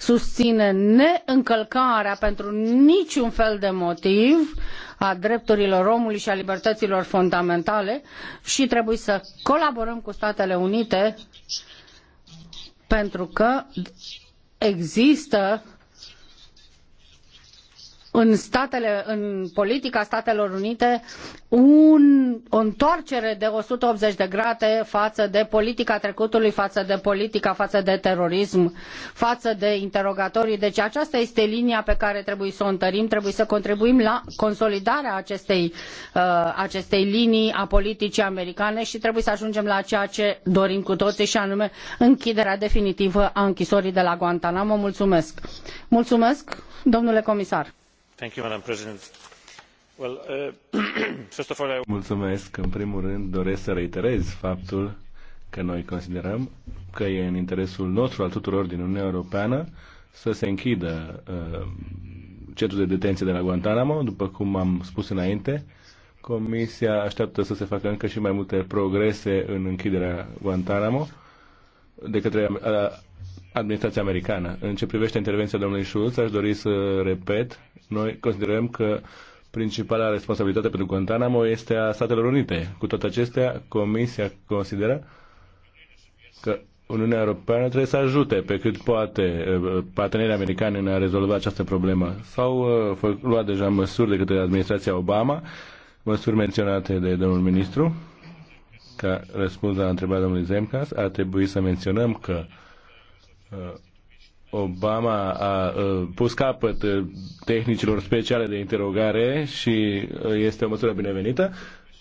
susține neîncălcarea pentru niciun fel de motiv a drepturilor omului și a libertăților fundamentale și trebuie să colaborăm cu Statele Unite pentru că există în, statele, în politica Statelor Unite un, o întoarcere de 180 de grade față de politica trecutului, față de politica, față de terorism, față de interogatorii. Deci aceasta este linia pe care trebuie să o întărim, trebuie să contribuim la consolidarea acestei, uh, acestei linii a politicii americane și trebuie să ajungem la ceea ce dorim cu toții și anume închiderea definitivă a închisorii de la Guantanamo. Mulțumesc! Mulțumesc, domnule comisar! Mulțumesc. În primul rând doresc să reiterez faptul că noi considerăm că e în interesul nostru al tuturor din Uniunea Europeană să se închidă uh, centrul de detenție de la Guantanamo, după cum am spus înainte. Comisia așteaptă să se facă încă și mai multe progrese în închiderea Guantanamo de către uh, administrația americană. În ce privește intervenția domnului Schulz, aș dori să repet, noi considerăm că principala responsabilitate pentru Guantanamo este a Statelor Unite. Cu toate acestea, Comisia consideră că Uniunea Europeană trebuie să ajute pe cât poate eh, partenerii americani în a rezolva această problemă. S-au eh, luat deja măsuri de către administrația Obama, măsuri menționate de domnul ministru, ca răspuns la întrebarea domnului Zemcas, ar trebui să menționăm că Uh, Obama a uh, pus capăt uh, tehnicilor speciale de interogare și este o măsură binevenită.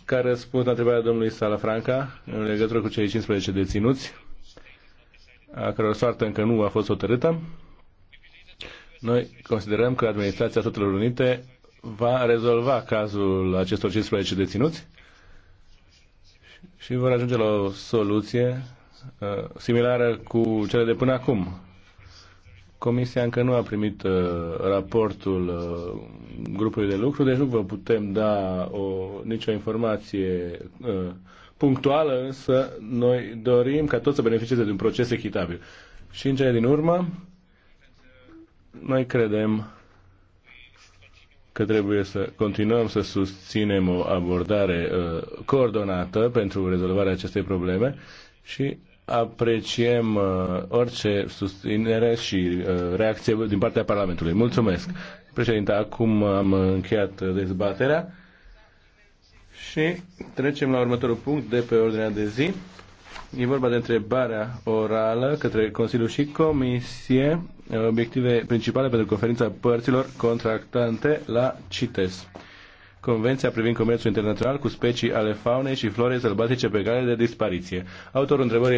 Ca răspuns la întrebarea domnului Salafranca în legătură cu cei 15 deținuți, a căror soartă încă nu a fost hotărâtă, noi considerăm că Administrația Statelor Unite va rezolva cazul acestor 15 deținuți și vor ajunge la o soluție Uh, similară cu cele de până acum. Comisia încă nu a primit uh, raportul uh, grupului de lucru, deci nu vă putem da o, nicio informație uh, punctuală, însă noi dorim ca toți să beneficieze de un proces echitabil. Și în cele din urmă, noi credem că trebuie să continuăm să susținem o abordare uh, coordonată pentru rezolvarea acestei probleme și apreciem uh, orice susținere și uh, reacție din partea Parlamentului. Mulțumesc, președinte. Acum am încheiat dezbaterea și trecem la următorul punct de pe ordinea de zi. E vorba de întrebarea orală către Consiliu și Comisie, obiective principale pentru conferința părților contractante la CITES. Convenția privind comerțul internațional cu specii ale faunei și florei sălbatice pe cale de dispariție. Autorul întrebării